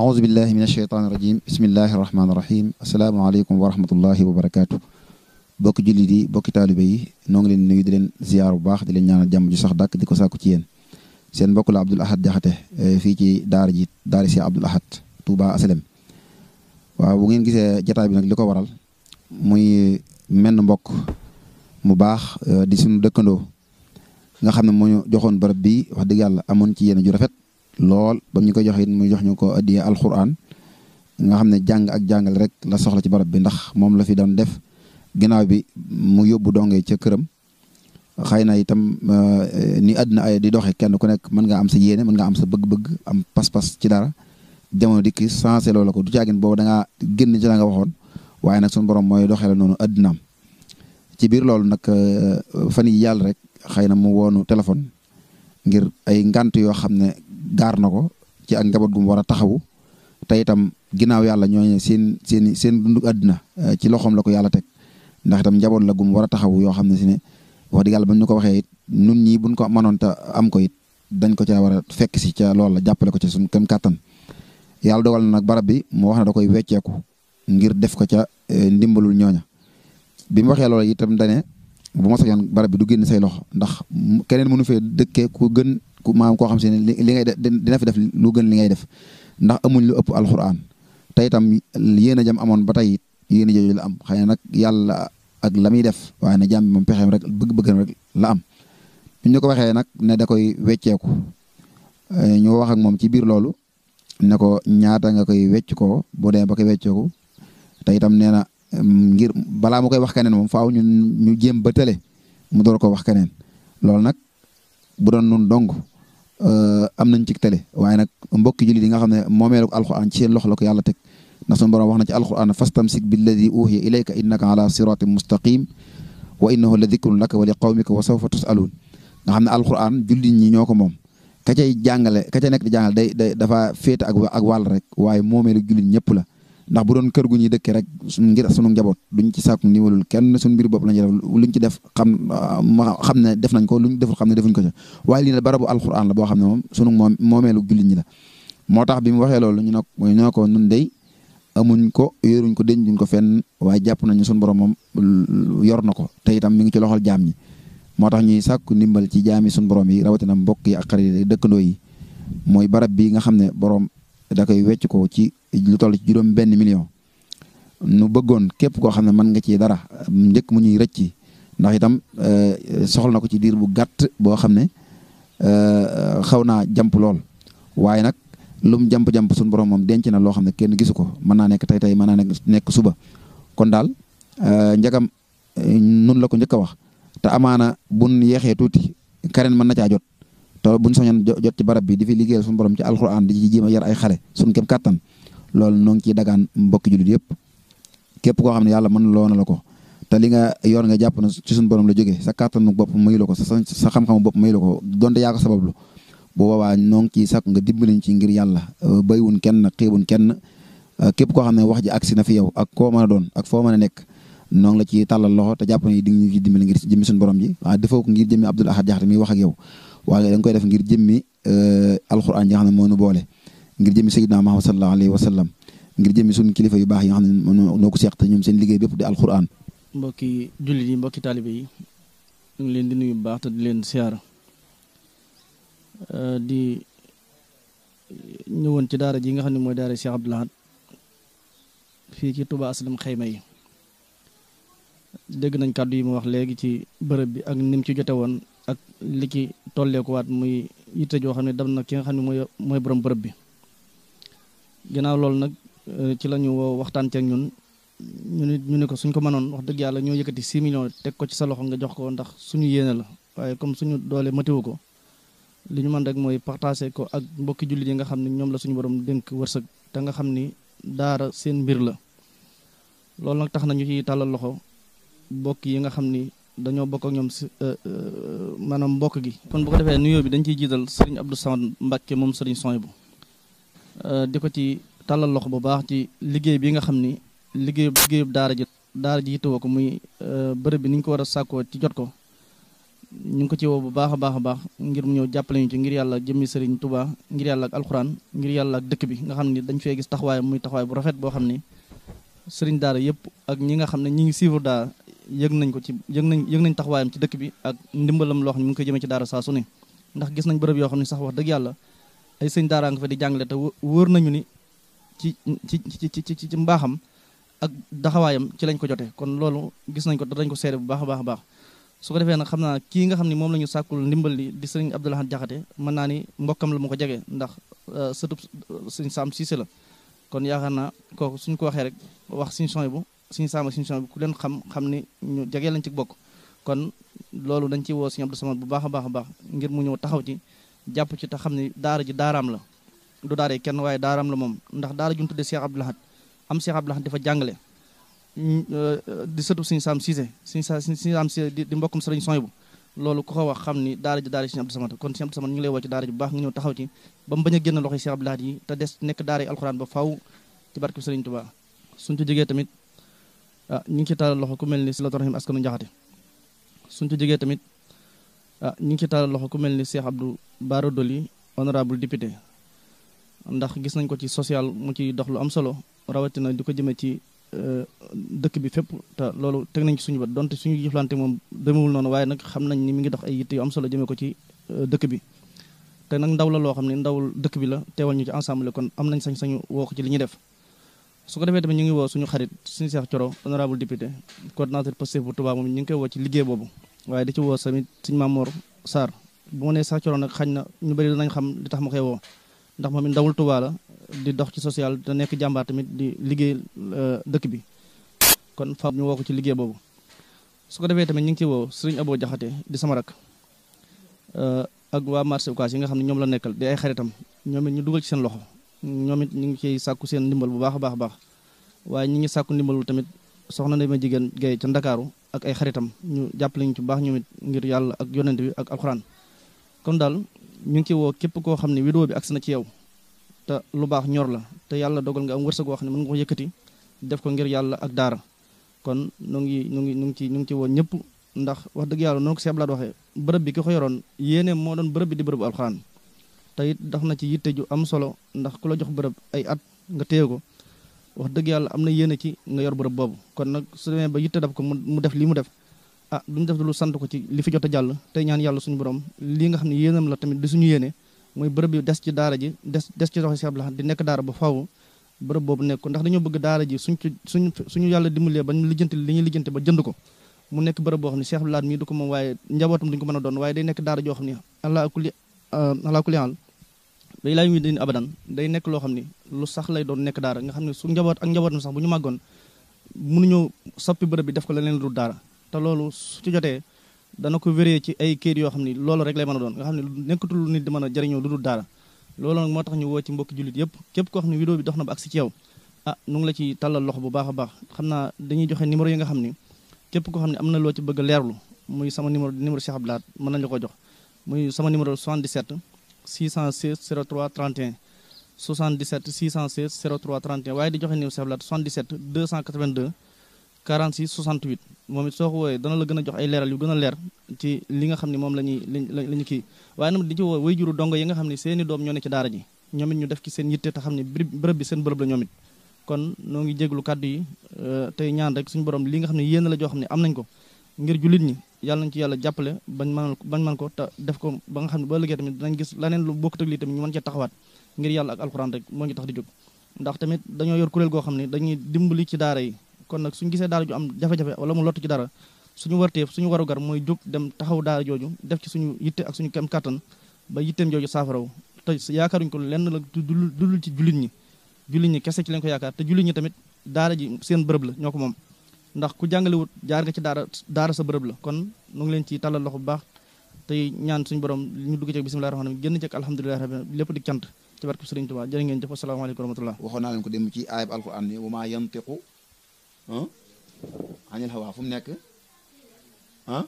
أعوذ بالله من الشيطان الرجيم بسم الله الرحمن الرحيم السلام عليكم ورحمة الله وبركاته بوك جليدي بوك طالبي نونغلي نوي دين زيارو باخ دي نيانا جام جي صاح داك ديكو ساكو تيين سين بوك عبد الاحد جاخته في تي دار جي دار سي عبد الاحد توبا اسلم وا بو نين غيسه جتاي بي نك ليكو وارال موي من بوك مو باخ دي سونو دكاندو eh, eh, nga xamne moñu joxone barab bi wax deug yalla amone ci yene ju rafet Lol, bam ñu ko joxe mu jox ñuko ko alquran nga xamne jang ak jangal rek la soxla ci barab bi ndax mom la fi doon def ginaaw bi mu yobbu donge ci kërëm xayna itam eh, ni adna ay di doxee kenn ku nek man nga am sa yene man nga am sa bëgg-bëgg am pas-pas ci dara demo di ki sansé lolou ko du caagin boobu da nga genn ci la nga waxon waye nak sun borom moy doxé la nonu àddunaam ci bir lolou nak eh, fani yalla rek xayna mu wonu telephone ngir ay ngant yo xamne dar nako ci ak njaboot gum wara taxawu tay itam ginaaw yalla ñoy seen seen seen dunduk aduna eh, ci loxom la ko yalla tek ndax itam njaboot la gum wara taxawu yoo xamne ne wax di yalla bañ ñuko waxe nun ñi buñ ko manon ta am ko it dañ ko ci wara fekk fekk si lool la jappale ko ci sun këm katan yalla dogal nak barab bi mo wax na da koy wéccéku ngir def ko ci eh, ndimbalul ñoña bi mu waxee loola itam dañe bu ma sañoon barab bi du genn say lox ndax keneen mënu fee dekké ku gën ku maam koo xam si ne li ngay def dina fi def lu gën li ngay def ndax amuñ lu ëpp alxuraan te itam yéen a jam amoon ba tey it yéen a la am xëy na nag yàlla ak la muy def waaye ne jàmm moom pexeem rek bëgg bëgga rek la am. ñu ñu ko waxee nag ne da koy wecceeku eh, ñu wax ak moom ci biir loolu ne ko ñaata nga koy wecc koo boo demee ba koy wecceeku te itam nee na mm, ngir balaa mu koy wax keneen moom faaw ñu ñu jéem ba tële mu door ko wax keneen loolu nag bu doon nun dong am nañ ci télé waaye nag mbokki jullit yi nga xam ne moomeelu alxuraan ci seen loxo la ko yàlla teg ndax suñu borom wax na ci alxuraan fastamsik billadi uhiya ilayka innaka ala siratin mustaqim wa innahu la dikrun laka wa li qawmika wa sawfa tusaluun nga xam ne alxuraan jullit ñi ñoo ko moom ka cay jàngale ka ca nekk di jàngale day day dafa féete ak ak wàll rek waaye moomeelu jullit ñëpp la ndax bu doon kër gu ñuy dëkkee rek ngir sunu njaboot duñ ci sàkku ndimalul kenn suñu mbir bopp lañuy def luñ ci def xam xam ne def nañ ko luñ deful xam ne defuñ ko ci waaye lii ne barabu alxuraan la boo xam ne moom sunu moom moomeelu jullit ñi la moo tax bi mu waxee loolu ñu ne ko nun dey amuñ ko yoruñ ko dencuñ ko fen waaye jàpp nañu sunu borom moom yor na ko te itam mi ngi ci loxol jaam ñi moo tax ñuy sàkku ndimbal ci jaami sunu borom yi rawatina mbokk yi ak xarit dëkkandoo yi mooy barab bi nga xam ne boroom da koy wecc ko ci lu toll ci juroom benn million nu bëggoon képp koo xam ne mën nga ci dara njëkk mu ñuy rëcc ndax itam euh, soxla na ko ci diir bu gàtt boo xam ne euh, xaw naa jàmp lool waaye nag lum jàmp-jàmp suñu borom moom denc na loo xam ne kenn gisu ko mën naa nekk tey tey mën naa nekk suba kon daal euh, njagam nun la ko njëkk a wax te amaana bun yeexee tuuti karen mën na caa jot te buñ soñoon jot ci barab bi di fi liggéeyal suñu borom ci alxuraan di ci jéem a yar ay xale suñ kem kàttan loolu noo ci ciy dagaan mbokki jullit yëpp képp koo xam ne yàlla mën loo na la ko te li nga yor nga jàpp na ci suñu borom la jógee sa kàttanu bopp mayu la ko sa sa xam-xamu bopp mayu la ko donte yaa ko sabablu bu boobaa noo ngi ciy sàkku nga dimbaliñ ci ngir yàlla euh, baywun kenn xiibun kenn euh, képp koo xam ne wax ji ak agsi na fi yow ak koo mën doon ak foo mën nekk noon ngi la ci tàllal loxo te jàpp ne di nga ñu ci dimbali ngir jëmmi suñu borom ji waaw defoo ko ngir jëmmi Abdoul Ahad Jaxate mi wax ak yow waaye da koy def ngir jëmmi euh, alxuraan ji nga xam moo nu boole ngir jëmi sayyidina Muhammad sallallahu alayhi wa sallam ngir jëmi suñu kilifa yu baax yi nga xam ne noo ko seeq te ñoom seen liggéey bépp di alquran mbokki jullit yi mbokki taalibe yi ñu ngi leen di nuyu bu baax ta di leen siyaara euh, di ñëwoon ci daara ji nga xam ne mooy daara Cheikh Abdoul fii ci Touba Aslam xayma yi dégg nañ kàddu yi mu wax léegi ci bërëb bi ak ni mu ci jote woon ak li ci tolleekuwaat muy yitte joo xam ne dam na ki nga xam ne mooy mooy borom bërëb bi ginnaaw loolu nag eh, ci la ñu woo waxtaan ceeg ñun ñu nit ñu ne ko suñ ko mënoon wax dëgg yàlla ñoo yëkkati 6 millions teg ko ci sa loxo nga jox ko ndax suñu yéene la waaye comme suñu doole matiwu ko li ñu mën rek mooy partagé ko ak mbokki jullit yi nga xam ne ñoom la suñu borom dénk wërsëg te nga xam ni daara seen mbir la loolu nag tax nañu ci tàllal loxo mbokk yi nga xam ni dañoo bokk ak ñoom si eh, eh, maanaam mbokk gi kon bu ko defee nuyoo bi dañ ciy jiital sëriñ Abdou Samad Mbacke moom sëriñ Soñbu Euh, di ko ci tàllal loxo bu baax ci liggéey bi nga xam ni liggéey liggéeyub daara ji daara ji yittewoo ko muy euh, bërëb bi ni ko war a sàkkoo ci jot ko ñu ngi ko bu baax a baax baax ngir mu ñëw jàppale ñu ci ngir yàlla jëmmi sëriñ tubaa ngir yàlla ak alxuraan ngir yàlla ak dëkk bi nga xam ni dañ fee gis taxawaay muy taxawaay bu rafet boo xam ni sëriñ daara yëpp ak ñi nga xam ne ñi ngi suivre daa yëg nañ ko ci yëg nañ yëg nañ taxawaayam ci dëkk bi ak ndimbalam loo xam ne mu ngi koy jëmee ci daara saa su ne ndax gis nañ bërëb yoo xam ne sax wax dëgg yàlla ay sëñ daaraa nga fa di jàngale te wóor nañu ni ci ci ci ci ci mbaaxam ak daxawaayam ci lañ ko jotee kon loolu gis nañ ko danañ ko seede bu baax a baax a baax su ko defee nag xam naa kii nga xam ni moom la ñu sàkkul ndimbal li di sëñ Abdou Jaxate mën naa ni mbokkam la mu ko jege ndax euh, sëtub sëñ Saam Siise la kon yaakaar naa kooku suñ ko waxee rek wax suñ son bu suñ saam ak suñ son bu ku leen xam xam ni ñu jege lañ ci bokk kon loolu dañ ci woo sëñ Abdou bu baax a baax a baax ngir mu ñëw taxaw ci jàpp ci te xam ne daara ji daaraam la du daara kenn waaye daaraam la moom ndax daara ju de tuddee Cheikh Abdoul Ahad am Cheikh Abdoul Ahad dafa jàngale euh, di sëtu Sëriñ Sam Cissé Sëriñ Sam Cissé di mbokkum Sëriñ Soy bu loolu ku ko wax xam ni daara ji daara ji Sëriñ Abdou Samad kon Sëriñ Abdou Samad ñu ngi lay woo ci daara ji bu nga ñëw taxaw ci ba mu a génn loxoy Cheikh Abdoul yi te des nekk daara yi alxuraan ba faw ci barke Sëriñ ci jegee tamit ah, ñu ngi ci tàllal loxo ku mel ni Silatu Rahim askanu Njaxate suñ ci jógee ah ñu ngi ci tàllal loxo ku mel ni Cheikh Abdou Bara Dolly honorable député ndax gis nañ ko ci social mu ci dox lu am solo rawatina di ko jëmee ci eh, dëkk bi fépp te loolu teg nañ ci suñu bët donte suñu jëflante moom demewul noonu waaye nag xam nañ ni mi ngi dox ay yitte yu am solo jëmee ko ci eh, dëkk bi te nag ndaw la loo xam ne ndawul dëkk bi la teewal ñu ci ensemble kon am nañ sañ-sañu woo ko ci li ñu def su ko defee tamit ñu ngi woo suñu xarit suñu Cheikh Thioro honorable député coordinateur Pastef bu Touba moom ñu ngi koy woo ci liggéey boobu waaye di ci woo tamit sëñ Mamour Sarr bu ma nee sax coroon nag xañ na ñu bari danañ xam di tax ma koy woo ndax moom it ndawul Tuubaa la di dox ci social da nekk jàmbaar tamit di liggéey euh, dëkk bi kon fa ñu woo ko ci liggéey boobu su ko defee tamit ñu ngi ci woo sëriñ Abo Jaxate di sama rak euh, ak waa marché yi nga xam ne ñoom la nekkal di ay xaritam ñoom it ñu dugal ci seen loxo ñoom it ñu ngi ciy sàkku seen ndimbal bu baax a baax a baax waaye ñu ngi sàkku ndimbalul tamit soxna na ma jigéen gay ca Ndakaaru ak ay xaritam ñu jàppale ñu ci bax ñu ngir yalla ak yonent bi ak alxuraan kon dal ñu ngi wo képp koo xam bi agsi na ci yow te lu bax ñor la te yalla dogal nga am wërsëg goo xam mën nga ko yëkëti def ko ngir yalla ak daara kon ñu ngi ñu ngi ñu ngi ci ñu ngi ci wo ñëpp ndax wax dëgg yalla nok ko Cheikh Abdoulaye bi ki ko yoroon yéene doon bërëb bi di bërëbu alxuraan tayit dox na ci yitte am solo ndax ku la jox bërëb ay at nga wax dëgg yàlla am na yéene ci nga yor bërëb boobu kon nag su demee ba yitte def ko mu def lii mu def ah duñ def lu sant ko ci li fi jot a jàll tey ñaan yàlla suñu borom lii nga xam ne yéenam la tamit di suñu yéene mooy bërëb bi des ci daara ji des des ci loxo Cheikh Abdoul Ahad di nekk daara ba faaw bërëb boobu nekk ndax dañoo bëgg daara ji suñ ci suñ suñu yàlla dimbalee ba ñu lijjanti li ñuy lijjanti ba jënd ko mu nekk bërëb boo xam ne Cheikh Abdoul Ahad mii du ko moom waaye njabootam duñ ko a doon waaye day nekk daara joo xam ne àla kulli àla ah, kulli day laay muy din day nekk loo xam ni lu sax lay doon nekk daara nga xam ne su njaboot ak njabootam sax bu ñu màggoon mënuñoo soppi bërëb bi def ko leneen lu dul te loolu su ci jotee dana ko wéree ci ay kayit yoo xam ni loolu rek lay mën a doon nga xam ne nekkatul lu nit mën a jëriñoo lu dul daara loolu nag moo tax ñu woo ci mbokki jullit yëpp képp ko xam ne vidéo bi dox na ba agsi ci yow ah nu ngi la ci tàllal loxo bu baax a baax xam naa dañuy joxe numéro yi nga xam ni képp koo xam ne am na loo ci bëgg a leerlu muy sama numéro numéro Cheikh Abdoulaye mën nañ ko jox muy sama numéro 77 616 03 31 77 616 03 31 waaye di joxe niw Seex Abdou Lahad 77 282 46 68 moom it soo ko wooyee dana la gën a jox ay leeral yu gën a leer ci li nga xam ne moom la ñuy la ñu kii waaye nag di ci woo way juru dongo yi nga xam ne seeni doom ñoo ne ci daara ji ñoom it ñu def ci seen yitte te xam ne bërëb bi seen bërëb la ñoom it kon noo ngi jéglu kàddu yi euh, tey ñaan rek suñu borom li nga xam ne yéen la joo xam ne am nañ ko ngir jullit ñi yàlla nañ ci yàlla jàppale bañ man bañ man ko te def ko ba nga xam ne ba ëllëgee tamit danañ gis leneen lu bokk ak lii tamit ñu mën cee taxawaat ngir yàlla ak alxuraan rek moo ngi tax di jóg ndax tamit dañoo yor kuréel goo xam ne dañuy dimbali ci daara yi kon nag suñu gisee daara ju am jafe-jafe wala mu lottu ci dara suñu warteef suñu warugar mooy jóg dem taxaw daara jooju def ci suñu yitte ak suñu kem kàttan ba yitteem jooju saafaraw te yaakaaruñ ko lenn la dulul ci jullit ñi jullit ñi kese ci lañ yaakaar te jullit tamit daara ji seen bërëb la ñoo moom ndax ku jàngalewut jaar nga ci daara daara sa bërëb la kon nu ngi leen ci tàllal loxo bu baax tey ñaan suñu borom ñu dugg ci bismillahi rahmaani génn ci alhamdulillahi rabbil lépp di cant ci barke Sëriñ Tuubaa jërë ngeen jëf asalaamaaleykum wa rahmatullah waxoon naa ko dem ci ayab alquran ni wa maa yantiqu ah, anil hawa fu mu nekk ah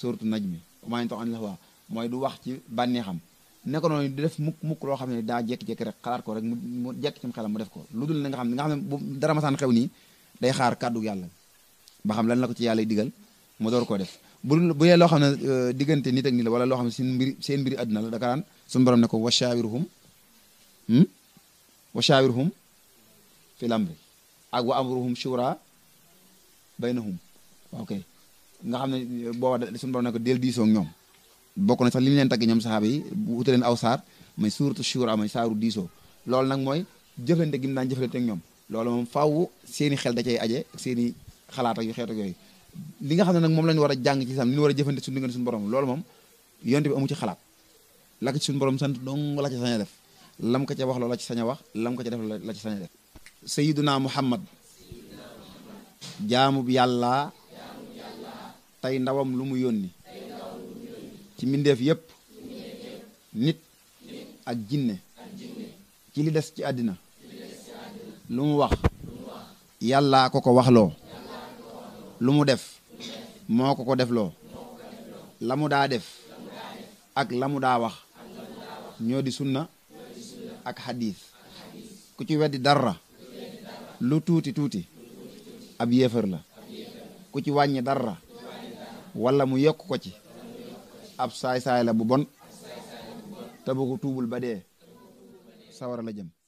suratu najmi wa maa yantiqu anil hawa mooy du wax ci bànneexam nekk noonu di def mukk mukk loo xam ne daa jekki-jekki rek xalaat ko rek mu jekk ci xelam mu def ko lu dul na nga xam ne nga xam ne bu dara masaan xew nii day xaar kàddu yàlla ba xam lan na ko ci yàlla digal mu door koo def bu bu yee loo xam ne euh, diggante nit ak nit la wala loo xam ne seen mbiri seen mbiri àdduna la daka daan suñu borom ne ko washaawiruhum hmm? washaawiruhum fil amri ak wa amruhum shura baynahum ok nga xam ne euh, booba suñu borom ne ko del diisoo ñoom bokk na sax li ñu leen tagg ñoom saxaaba yi wute leen aw saar mais suuratu shura mooy saaru diisoo lool nag mooy jëflante gi mu daan jëflante ak ñoom loolu moom faaw seeni xel da cay aje ak seen i xalaat ak yu xeet yooyu li nga xam ne nag moom lañu ñu war a jàng ci sam li ñu war a jëfante suñu diggante suñu borom loolu moom yonte bi amu ci xalaat la ci suñu borom sant dong la ci sañ a def lam ko ca wax loola ci sañ a wax lam ko ca def la ci sañ a def sayiduna muhammad jaamub yàlla tey ndawam lu mu yónni ci mbindeef yépp nit ak jinne ci li des ci àddina lu mu wax yàllaa ko ko waxloo lu mu def moo ko ko defloo la mu daa def ak lamu daa wax ñoo di sunna ak xadiis ku ci weddi dara lu tuuti tuuti ab yéefar la ku ci wàññi darra walla mu yokk ko ci ab saay-saay la bu bon te bu ko tuubul ba dee sawara la jëm